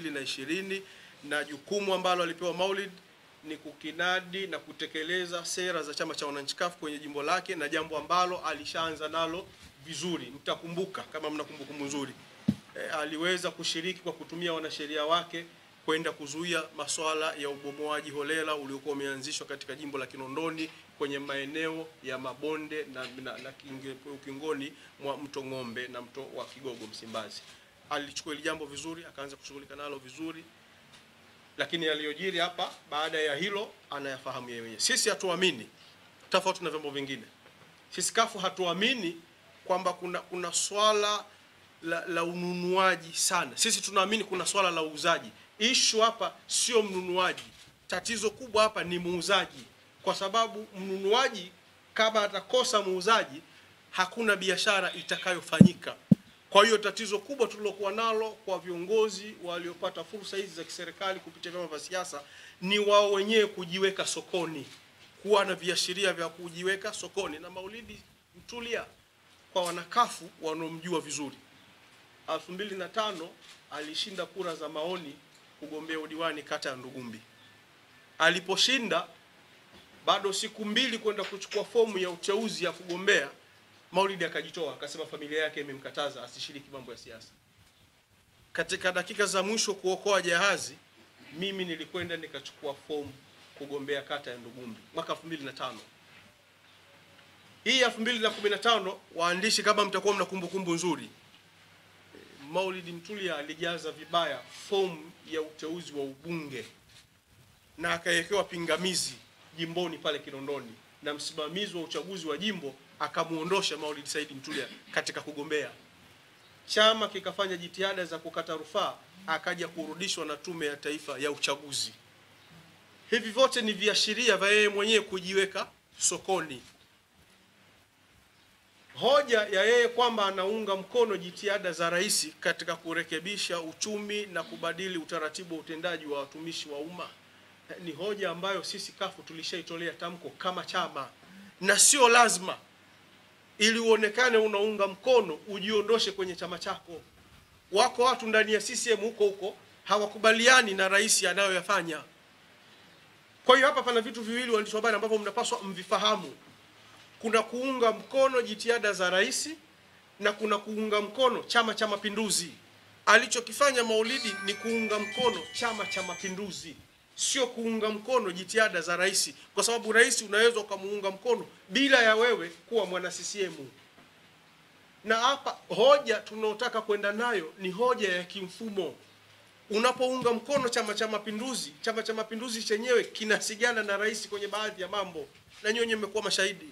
2020 na na jukumu ambalo alipewa Maulid ni kukinadi na kutekeleza sera za chama cha wananchi CUF kwenye jimbo lake, na jambo ambalo alishaanza nalo vizuri. Mtakumbuka kama mna kumbukumbu nzuri e, aliweza kushiriki kwa kutumia wanasheria wake kwenda kuzuia masuala ya ubomoaji holela uliokuwa umeanzishwa katika jimbo la Kinondoni kwenye maeneo ya mabonde na, na, na ukingoni mwa mto Ng'ombe na mto wa Kigogo Msimbazi alichukua hili jambo vizuri, akaanza kushughulika nalo vizuri, lakini yaliyojiri hapa baada ya hilo anayafahamu yeye mwenyewe. Sisi hatuamini, tofauti na vyombo vingine, sisi kafu hatuamini kwamba kuna kuna swala la, la ununuaji sana. Sisi tunaamini kuna swala la uuzaji. Ishu hapa sio mnunuaji, tatizo kubwa hapa ni muuzaji, kwa sababu mnunuaji kama atakosa muuzaji hakuna biashara itakayofanyika. Kwa hiyo tatizo kubwa tulilokuwa nalo kwa viongozi waliopata fursa hizi za kiserikali kupitia vyama vya siasa ni wao wenyewe kujiweka sokoni, kuwa na viashiria vya kujiweka sokoni. Na Maulidi Mtulia kwa wanakafu wanaomjua vizuri, 2005 alishinda kura za maoni kugombea udiwani kata ya Ndugumbi. Aliposhinda, bado siku mbili kwenda kuchukua fomu ya uteuzi ya kugombea Maulid akajitoa akasema familia yake imemkataza asishiriki mambo ya siasa. Katika dakika za mwisho kuokoa jahazi, mimi nilikwenda nikachukua fomu kugombea kata ya Ndugumbi mwaka 2005. Hii ya 2015 waandishi, kama mtakuwa mna kumbukumbu nzuri, Maulid Mtulia alijaza vibaya fomu ya uteuzi wa ubunge na akawekewa pingamizi jimboni pale Kinondoni na msimamizi wa uchaguzi wa jimbo akamuondosha Maulid Said Mtulia katika kugombea. Chama kikafanya jitihada za kukata rufaa, akaja kurudishwa na Tume ya Taifa ya Uchaguzi. Hivi vyote ni viashiria vya yeye mwenyewe kujiweka sokoni. Hoja ya yeye kwamba anaunga mkono jitihada za rais katika kurekebisha uchumi na kubadili utaratibu wa utendaji wa watumishi wa umma eh, ni hoja ambayo sisi kafu tulishaitolea tamko kama chama, na sio lazima ili uonekane unaunga mkono, ujiondoshe kwenye chama chako. Wako watu ndani ya CCM huko huko hawakubaliani na rais anayoyafanya. Kwa hiyo hapa pana vitu viwili, waandishi wa habari, ambavyo mnapaswa mvifahamu. Kuna kuunga mkono jitihada za rais na kuna kuunga mkono Chama cha Mapinduzi. Alichokifanya Maulidi ni kuunga mkono Chama cha Mapinduzi sio kuunga mkono jitihada za rais, kwa sababu rais unaweza ukamuunga mkono bila ya wewe kuwa mwana CCM. Na hapa hoja tunaotaka kwenda nayo ni hoja ya kimfumo. Unapounga mkono Chama cha Mapinduzi, Chama cha Mapinduzi chenyewe kinasigana na rais kwenye baadhi ya mambo, na nyinyi mmekuwa mashahidi.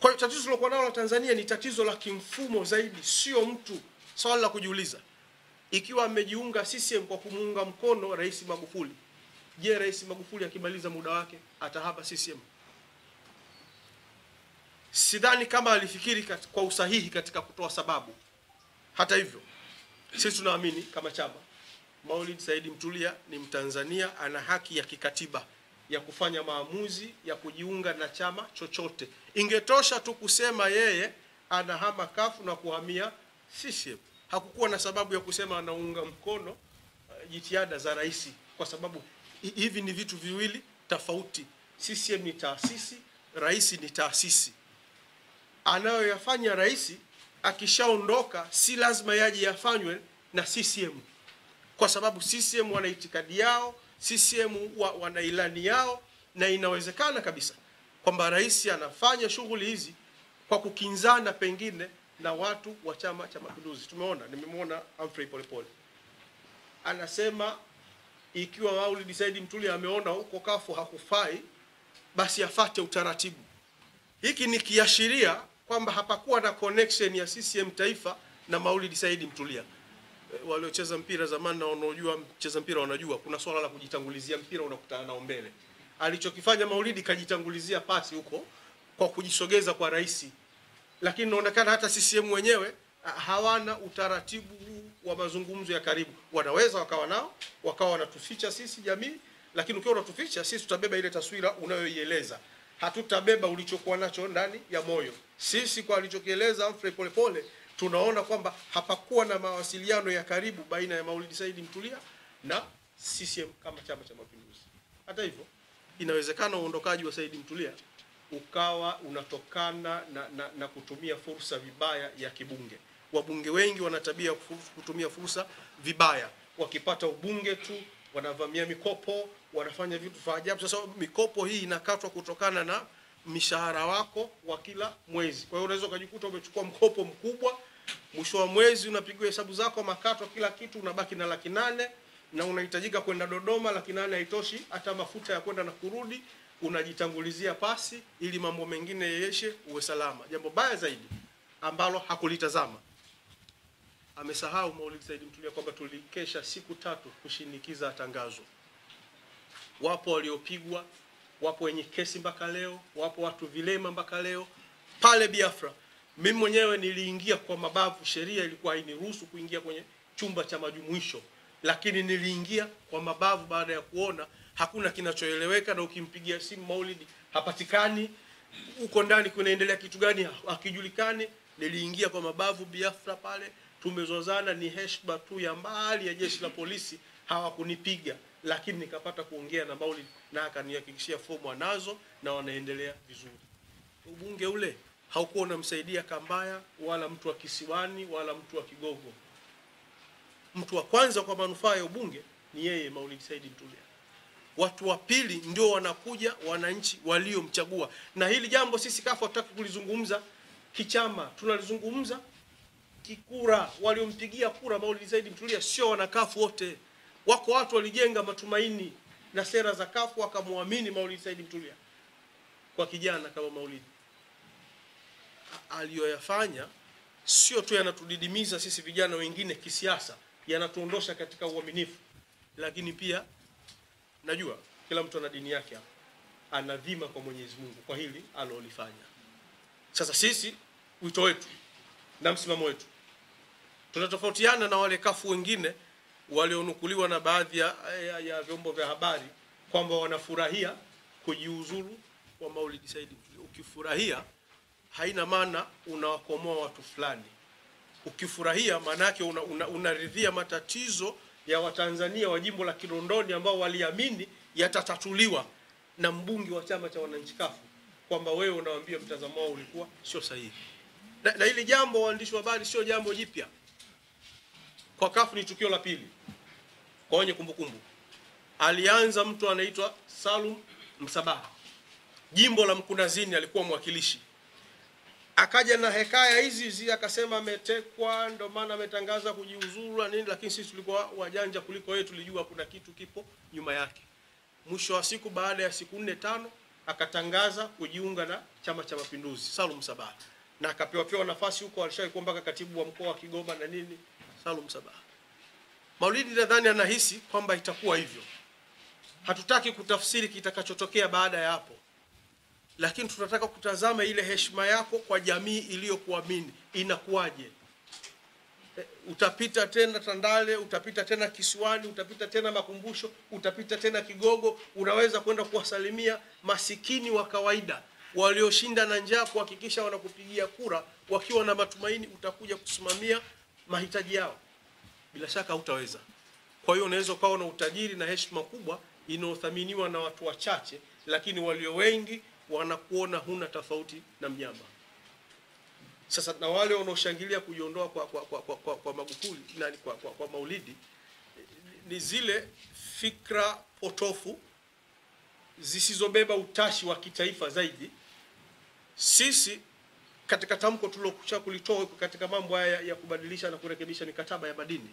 Kwa hiyo tatizo lilokuwa nalo la Tanzania ni tatizo la kimfumo zaidi, sio mtu. Swali la kujiuliza, ikiwa amejiunga CCM kwa kumuunga mkono Rais Magufuli Je, Rais Magufuli akimaliza muda wake atahapa CCM? Sidhani kama alifikiri kat, kwa usahihi katika kutoa sababu. Hata hivyo, sisi tunaamini kama chama, Maulid Said Mtulia ni Mtanzania, ana haki ya kikatiba ya kufanya maamuzi ya kujiunga na chama chochote. Ingetosha tu kusema yeye anahama kafu na kuhamia CCM. Hakukuwa na sababu ya kusema anaunga mkono eh, jitihada za rais kwa sababu hivi ni vitu viwili tofauti. CCM ni taasisi, rais ni taasisi. Anayoyafanya rais akishaondoka, si lazima yaje yafanywe na CCM, kwa sababu CCM wana itikadi yao, CCM wa, wana ilani yao, na inawezekana kabisa kwamba rais anafanya shughuli hizi kwa kukinzana pengine na watu wa Chama cha Mapinduzi. Tumeona, nimemwona Humphrey Polepole anasema ikiwa Maulid Said Mtuli ameona huko kafu hakufai, basi afate utaratibu. Hiki ni kiashiria kwamba hapakuwa na connection ya CCM taifa na Maulid Said Mtulia. Eh, waliocheza mpira zamani na wanaojua mcheza mpira wanajua kuna swala la kujitangulizia mpira, unakutana nao mbele. Alichokifanya Maulid kajitangulizia pasi huko kwa kujisogeza kwa rais, lakini inaonekana hata CCM wenyewe hawana utaratibu huu wa mazungumzo ya karibu. Wanaweza wakawa nao wakawa wanatuficha sisi jamii, lakini ukiwa unatuficha sisi tutabeba ile taswira unayoieleza, hatutabeba ulichokuwa nacho ndani ya moyo. Sisi kwa alichokieleza Humphrey Polepole tunaona kwamba hapakuwa na mawasiliano ya karibu baina ya Maulidi Said Mtulia na CCM kama Chama cha Mapinduzi. Hata hivyo, inawezekana uondokaji wa Said Mtulia ukawa unatokana na, na, na kutumia fursa vibaya ya kibunge. Wabunge wengi wana tabia kutumia fursa vibaya, wakipata ubunge tu wanavamia mikopo, wanafanya vitu vya ajabu. Sasa mikopo hii inakatwa kutokana na mishahara wako wa kila mwezi. Kwa hiyo unaweza ukajikuta umechukua mkopo mkubwa, mwisho wa mwezi unapigiwa hesabu zako, makato, kila kitu, unabaki na laki nane na unahitajika kwenda Dodoma. Laki nane haitoshi hata mafuta ya kwenda na kurudi, unajitangulizia pasi ili mambo mengine yeyeshe, uwe salama. Jambo baya zaidi ambalo hakulitazama amesahau Maulid Said Mtulia kwamba tulikesha siku tatu kushinikiza tangazo. Wapo waliopigwa, wapo wenye kesi mpaka leo, wapo watu vilema mpaka leo. Pale Biafra mimi mwenyewe niliingia kwa mabavu, sheria ilikuwa hainiruhusu kuingia kwenye chumba cha majumuisho, lakini niliingia kwa mabavu baada ya kuona hakuna kinachoeleweka, na ukimpigia simu Maulid hapatikani, huko ndani kunaendelea kitu gani hakijulikani. Niliingia kwa mabavu Biafra pale tumezozana, ni heshima tu ya mbali ya jeshi la polisi, hawakunipiga lakini nikapata kuongea na Maulid na akanihakikishia fomu anazo na wanaendelea vizuri. Ubunge ule haukuwa unamsaidia Kambaya wala mtu wa kisiwani wala mtu wa Kigogo. Mtu wa kwanza kwa manufaa ya ubunge ni yeye Maulid Said Mtulia. Watu wa pili ndio wanakuja wananchi waliomchagua, na hili jambo sisi kafu hatutaki kulizungumza kichama, tunalizungumza kikura waliompigia kura Maulid Said Mtulia sio wanakafu wote, wako watu walijenga matumaini na sera za kafu wakamwamini Maulid Said Mtulia. Kwa kijana kama Maulid aliyoyafanya sio tu yanatudidimiza sisi vijana wengine kisiasa, yanatuondosha katika uaminifu, lakini pia najua kila mtu ana dini yake ana anadhima kwa Mwenyezi Mungu kwa hili alolifanya. Sasa sisi wito wetu na msimamo wetu. Tunatofautiana na wale kafu wengine walionukuliwa na baadhi ya, ya, ya vyombo vya habari kwamba wanafurahia kujiuzuru kwa Maulidi Said. Ukifurahia haina maana unawakomoa watu fulani. Ukifurahia maana yake unaridhia una, una matatizo ya Watanzania wa jimbo la Kinondoni ambao waliamini yatatatuliwa na mbunge wa chama cha wananchi kafu, kwamba wewe unawaambia mtazamo wao ulikuwa sio sahihi na, na hili jambo waandishi wa habari sio jambo jipya kwa kafu, ni tukio la pili kwa wenye kumbukumbu. Alianza mtu anaitwa Salum Msabaha, jimbo la Mkunazini, alikuwa mwakilishi akaja na hekaya hizi hizi, akasema ametekwa, ndo maana ametangaza kujiuzuru nini, lakini sisi tulikuwa wajanja kuliko yeye, tulijua kuna kitu kipo nyuma yake. Mwisho wa siku, baada ya siku nne tano, akatangaza kujiunga na Chama cha Mapinduzi, Salum Msabaha na akapewa pewa nafasi huko, alishawahi kuwa mpaka katibu wa mkoa wa Kigoma na nini, Salum Sabaha. Maulidi nadhani anahisi kwamba itakuwa hivyo. Hatutaki kutafsiri kitakachotokea baada ya hapo, lakini tunataka kutazama ile heshima yako kwa jamii iliyokuamini inakuwaje. Eh, utapita tena Tandale, utapita tena Kisiwani, utapita tena Makumbusho, utapita tena Kigogo, unaweza kwenda kuwasalimia masikini wa kawaida walioshinda na njaa kuhakikisha wanakupigia kura wakiwa na matumaini utakuja kusimamia mahitaji yao. Bila shaka hutaweza. Kwa hiyo unaweza ukawa na utajiri na heshima kubwa inayothaminiwa na watu wachache, lakini walio wengi wanakuona huna tofauti na mnyama. Sasa na wale wanaoshangilia kujiondoa kwa, kwa, kwa, kwa, kwa, kwa Magufuli nani kwa, kwa, kwa Maulidi ni zile fikra potofu zisizobeba utashi wa kitaifa zaidi sisi katika tamko tulokucha kulitoa katika mambo haya ya kubadilisha na kurekebisha mikataba ya madini,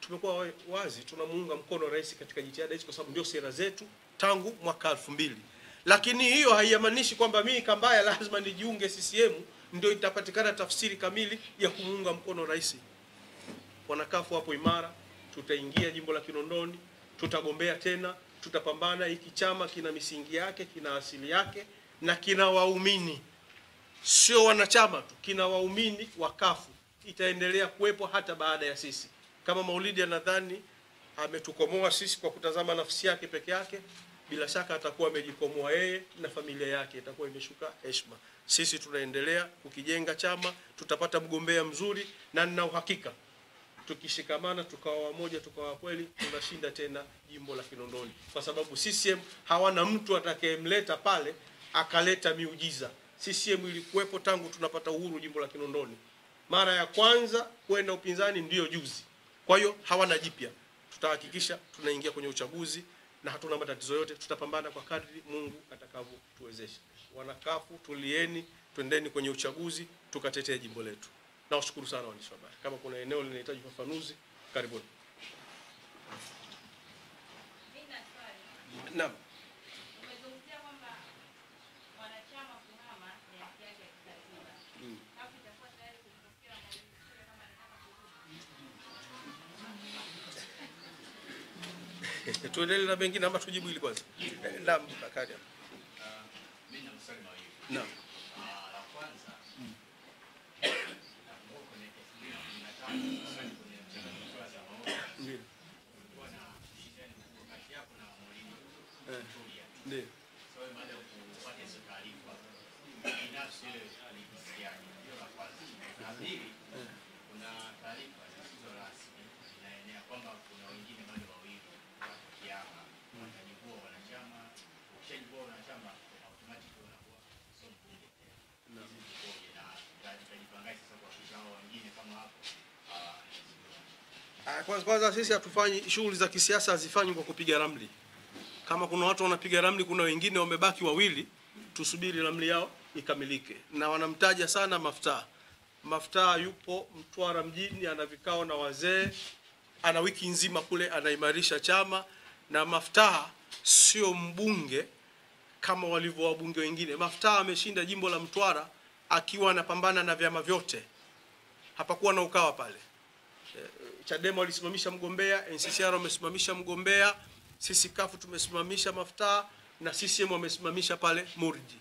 tumekuwa wazi, tunamuunga mkono rais katika jitihada hizi, kwa sababu ndio sera zetu tangu mwaka elfu mbili. Lakini hiyo haimaanishi kwamba mimi Kambaya lazima nijiunge CCM ndio itapatikana tafsiri kamili ya kumuunga mkono rais. Wanakafu hapo imara, tutaingia jimbo la Kinondoni, tutagombea tena, tutapambana. Hiki chama kina misingi yake, kina asili yake na kina waumini, sio wanachama tu, kina waumini wa kafu itaendelea kuwepo hata baada ya sisi. Kama Maulidi anadhani ametukomoa sisi kwa kutazama nafsi yake peke yake, bila shaka atakuwa amejikomoa yeye na familia yake itakuwa imeshuka heshima. Sisi tunaendelea kukijenga chama, tutapata mgombea mzuri, na nina uhakika tukishikamana, tukawa wamoja, tukawa kweli, tunashinda tena jimbo la Kinondoni, kwa sababu CCM hawana mtu atakayemleta pale akaleta miujiza. CCM ilikuwepo tangu tunapata uhuru jimbo la Kinondoni. Mara ya kwanza kwenda upinzani ndiyo juzi. Kwa hiyo hawana jipya. Tutahakikisha tunaingia kwenye uchaguzi na hatuna matatizo yote, tutapambana kwa kadri Mungu atakavyotuwezesha. Wanakafu, tulieni, twendeni kwenye uchaguzi tukatetee jimbo letu. Nawashukuru sana waandishi wa habari. Kama kuna eneo linahitaji ufafanuzi, karibuni. Naam. Tuendelee na mengine ama tujibu hili kwanza? Eh, naam, Kakaja. Ah, naam. Kwanza kwanza sisi hatufanyi shughuli za kisiasa hazifanyi kwa kupiga ramli. Kama kuna watu wanapiga ramli, kuna wengine wamebaki wawili, tusubiri ramli yao ikamilike. Na wanamtaja sana Maftaa. Maftaa yupo Mtwara mjini, ana vikao na wazee, ana wiki nzima kule, anaimarisha chama. Na Maftaa sio mbunge kama walivyo wabunge wengine. Maftaa ameshinda jimbo la Mtwara akiwa anapambana na vyama vyote, hapakuwa na Ukawa pale. Chadema walisimamisha mgombea, NCCR wamesimamisha mgombea, sisi kafu tumesimamisha mafuta na CCM wamesimamisha pale Murji,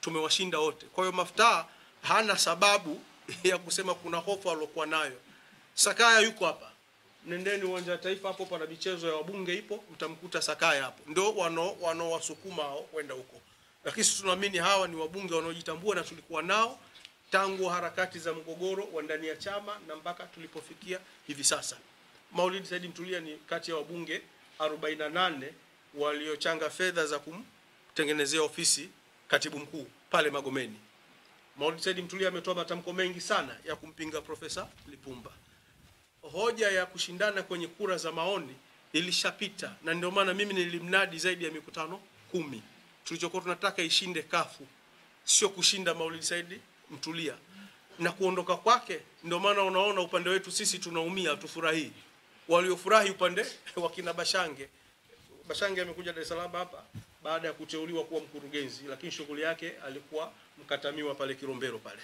tumewashinda wote. Kwa hiyo mafuta hana sababu ya kusema kuna hofu aliokuwa nayo. Sakaya yuko hapa, nendeni uwanja wa Taifa, hapo pana michezo ya wabunge ipo, mtamkuta Sakaya hapo, ndio wano wanaowasukuma hao kwenda huko, lakini tunaamini hawa ni wabunge wanaojitambua na tulikuwa nao tangu harakati za mgogoro wa ndani ya chama na mpaka tulipofikia hivi sasa. Maulid Said Mtulia ni kati ya wabunge 48 waliochanga fedha za kumtengenezea ofisi katibu mkuu pale Magomeni. Maulid Said Mtulia ametoa matamko mengi sana ya kumpinga Profesa Lipumba. Hoja ya kushindana kwenye kura za maoni ilishapita, na ndio maana mimi nilimnadi zaidi ya mikutano kumi. Tulichokuwa tunataka ishinde kafu, sio kushinda Maulid Said Mtulia na kuondoka kwake. Ndio maana unaona upande wetu sisi tunaumia, tufurahii. Waliofurahi upande wa kina Bashange. Bashange amekuja Dar es Salaam hapa baada ya kuteuliwa kuwa mkurugenzi, lakini shughuli yake alikuwa mkatamiwa pale Kirombero pale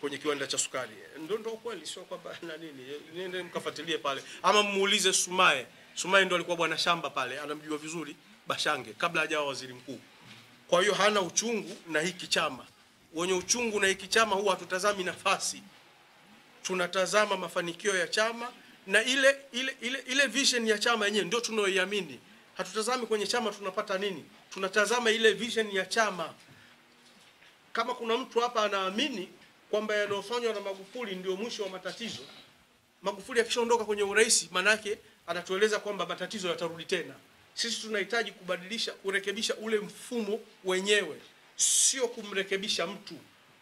kwenye kiwanda cha sukari. Ndio ndio kweli, sio kwamba na nini. Niende mkafuatilie pale ama muulize Sumaye. Sumaye ndio alikuwa bwana shamba pale, anamjua vizuri Bashange kabla hajawa waziri mkuu. Kwa hiyo hana uchungu na hiki chama wenye uchungu na hiki chama huwa hatutazami nafasi, tunatazama mafanikio ya chama na ile ile ile, ile vision ya chama yenyewe ndio tunayoiamini. Hatutazami kwenye chama tunapata nini, tunatazama ile vision ya chama. Kama kuna mtu hapa anaamini kwamba yanayofanywa na Magufuli ndio mwisho wa matatizo, Magufuli akishaondoka kwenye urais, manake anatueleza kwamba matatizo yatarudi tena. Sisi tunahitaji kubadilisha, kurekebisha ule mfumo wenyewe sio kumrekebisha mtu.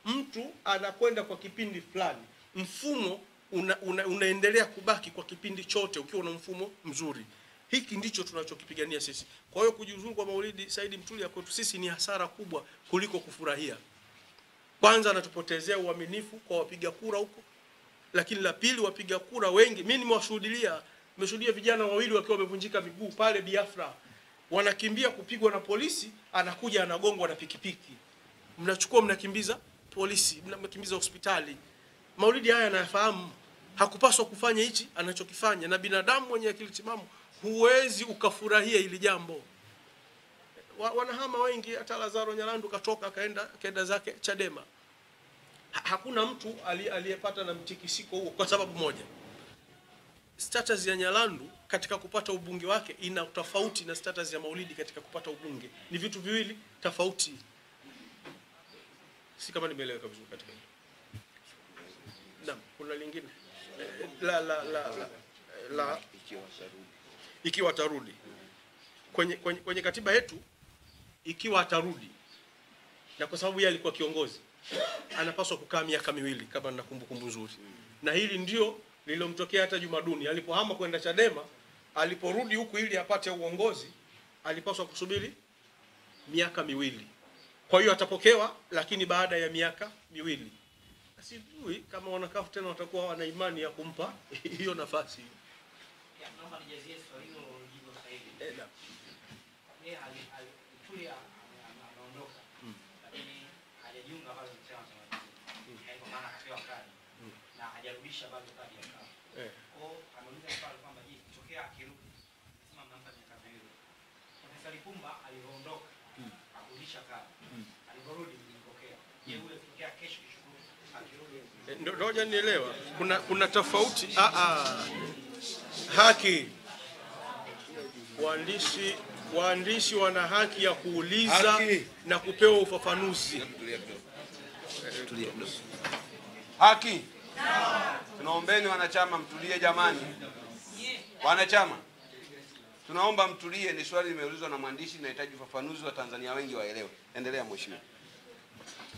Mtu anakwenda kwa kipindi fulani, mfumo una, una, unaendelea kubaki kwa kipindi chote ukiwa na mfumo mzuri. Hiki ndicho tunachokipigania sisi. Kwa hiyo kujiuzuru kwa Maulidi Said Mtuli kwetu sisi ni hasara kubwa kuliko kufurahia. Kwanza anatupotezea uaminifu kwa wapiga kura huko, lakini la pili, wapiga kura wengi, mimi nimewashuhudia, nimeshuhudia vijana wawili wakiwa wamevunjika miguu pale Biafra wanakimbia kupigwa na polisi, anakuja anagongwa na pikipiki, mnachukua mnakimbiza polisi, mnakimbiza hospitali. Maulidi haya anayafahamu, hakupaswa kufanya hichi anachokifanya, na binadamu mwenye akili timamu huwezi ukafurahia hili jambo. Wanahama wengi, hata Lazaro Nyalandu katoka akaenda kenda zake Chadema. Hakuna mtu aliyepata na mtikisiko huo kwa sababu moja, status ya Nyalandu katika kupata ubunge wake ina tofauti na status ya Maulidi katika kupata ubunge. Ni vitu viwili tofauti, si kama nimeeleweka vizuri katika hilo. Naam, kuna lingine la, la, la, la, la ikiwa atarudi kwenye, kwenye, kwenye katiba yetu, ikiwa atarudi na kwa sababu yeye alikuwa kiongozi anapaswa kukaa miaka miwili kama nina kumbukumbu nzuri, na hili ndio lililomtokea hata Jumaduni alipohama kwenda Chadema. Aliporudi huku ili apate uongozi, alipaswa kusubiri miaka miwili. Kwa hiyo atapokewa, lakini baada ya miaka miwili. Sijui kama wanakafu tena watakuwa wana imani ya kumpa hiyo nafasi hiyo. Ngoja hmm. hmm. eh, nielewa, kuna kuna tofauti ah, ah. Haki waandishi waandishi wana haki ya kuuliza haki na kupewa ufafanuzi. Haki tunaombeni wanachama, mtulie jamani, wanachama. Tunaomba mtulie, ni swali limeulizwa na mwandishi, linahitaji ufafanuzi wa Tanzania wengi waelewe. Endelea mheshimiwa.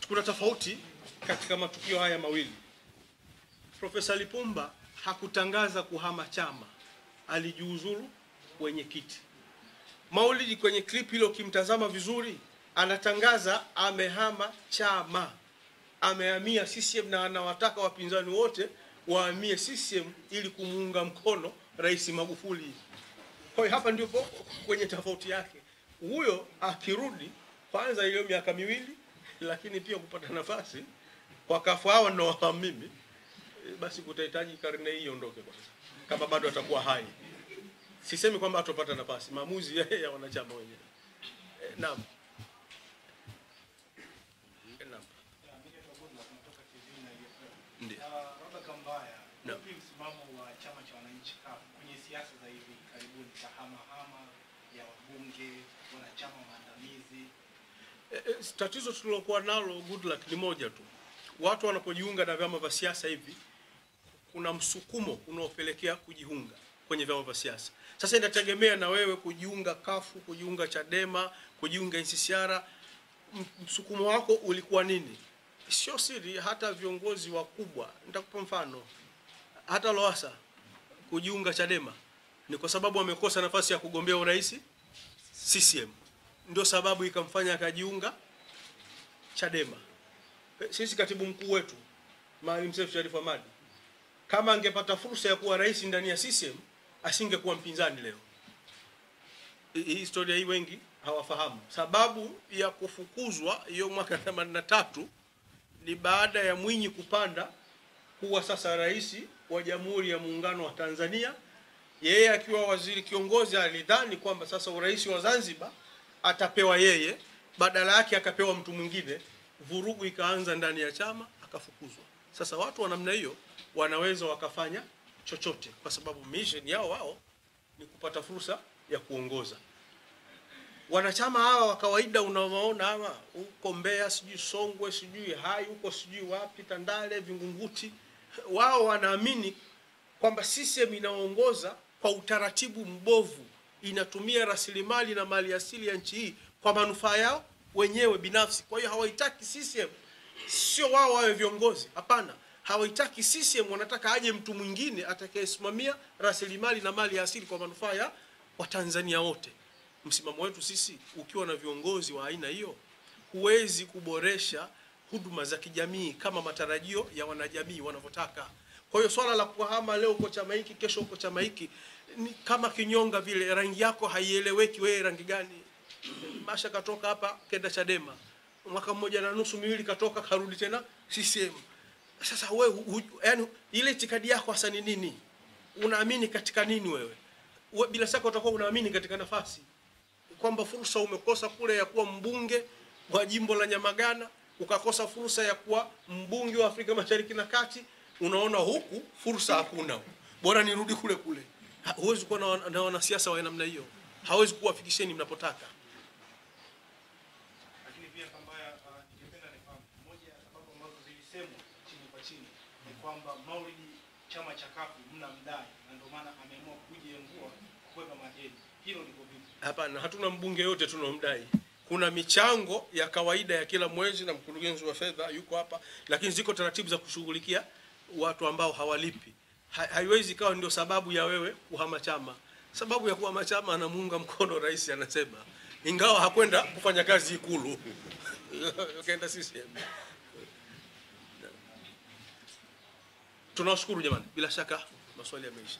Kuna tofauti katika matukio haya mawili. Profesa Lipumba hakutangaza kuhama chama, alijiuzuru kiti Maulidi kwenye clip hilo, ukimtazama vizuri, anatangaza amehama chama, amehamia CCM na anawataka wapinzani wote wahamie CCM ili kumuunga mkono Rais Magufuli. Kwa hiyo hapa ndipo kwenye tofauti yake, huyo akirudi kwanza iliyo miaka miwili, lakini pia kupata nafasi kwa kafu hawa ninaowafahamu mimi, basi kutahitaji karne hii iondoke kwanza, kama bado atakuwa hai. Sisemi kwamba atopata nafasi, maamuzi ya, ya wanachama wenyewe. Eh, naam. E, naam. Ndio. Ah, msimamo Eh, eh, tatizo tulilokuwa nalo luck ni moja tu, watu wanapojiunga na vyama vya siasa hivi kuna msukumo unaopelekea kujiunga kwenye vyama vya siasa. Sasa inategemea na wewe kujiunga kafu kujiunga Chadema, kujiunga NCCR, msukumo wako ulikuwa nini? Sio siri, hata viongozi wakubwa, nitakupa mfano, hata Lowassa kujiunga Chadema ni kwa sababu amekosa nafasi ya kugombea urais CCM ndio sababu ikamfanya akajiunga Chadema. Eh, sisi katibu mkuu wetu Maalim Seif Sharif Hamad kama angepata fursa ya kuwa rais ndani ya CCM asingekuwa mpinzani leo. Hii historia hii wengi hawafahamu. Sababu ya kufukuzwa hiyo mwaka 83 ni baada ya Mwinyi kupanda kuwa sasa rais wa Jamhuri ya Muungano wa Tanzania. Yeye akiwa waziri kiongozi alidhani kwamba sasa urais wa Zanzibar atapewa yeye, badala yake akapewa mtu mwingine, vurugu ikaanza ndani ya chama, akafukuzwa. Sasa watu wa namna hiyo wanaweza wakafanya chochote, kwa sababu mission yao wao ni kupata fursa ya kuongoza. Wanachama hawa wa kawaida unawaona hawa huko Mbeya, sijui Songwe, sijui Hai huko, sijui wapi, Tandale, Vingunguti, wao wanaamini kwamba CCM inaongoza kwa utaratibu mbovu inatumia rasilimali na mali asili ya nchi hii kwa manufaa yao wenyewe binafsi. Kwa hiyo hawaitaki CCM, sio wao wawe viongozi, hapana. Hawaitaki CCM, wanataka aje mtu mwingine atakayesimamia rasilimali na mali asili kwa manufaa ya Watanzania wote. Msimamo wetu sisi, ukiwa na viongozi wa aina hiyo, huwezi kuboresha huduma za kijamii kama matarajio ya wanajamii wanavyotaka. Kwa hiyo swala la kuhama leo uko chama hiki, kesho uko chama hiki ni kama kinyonga vile, rangi yako haieleweki, wewe rangi gani? Masha katoka hapa kenda Chadema mwaka mmoja na nusu miwili, katoka karudi tena CCM. Sasa wewe yani, ile itikadi yako hasa ni nini? Unaamini katika nini wewe? We, bila shaka utakuwa unaamini katika nafasi kwamba fursa umekosa kule ya kuwa mbunge wa jimbo la Nyamagana, ukakosa fursa ya kuwa mbunge wa Afrika Mashariki na Kati, unaona huku fursa hakuna, bora nirudi kule kule. Huwezi kuwa na wanasiasa wa namna hiyo, hawezi kuwafikisheni mnapotaka. Lakini pia Kambaya, uh, ningependa nifahamu moja ya sababu ambazo zilisemwa chini kwa chini ni kwamba Maulid chama cha mna mdai na ndio maana ameamua kujiengua kukwepa madeni. Hilo liko vipi? Hapana, hatuna mbunge yote tunaomdai kuna michango ya kawaida ya kila mwezi na mkurugenzi wa fedha yuko hapa, lakini ziko taratibu za kushughulikia watu ambao hawalipi haiwezi ikawa ndio sababu ya wewe kuhama chama. Sababu ya kuhama chama anamuunga mkono rais, anasema ingawa hakwenda kufanya kazi Ikulu ukaenda CCM. Tunawashukuru jamani, bila shaka maswali yameisha.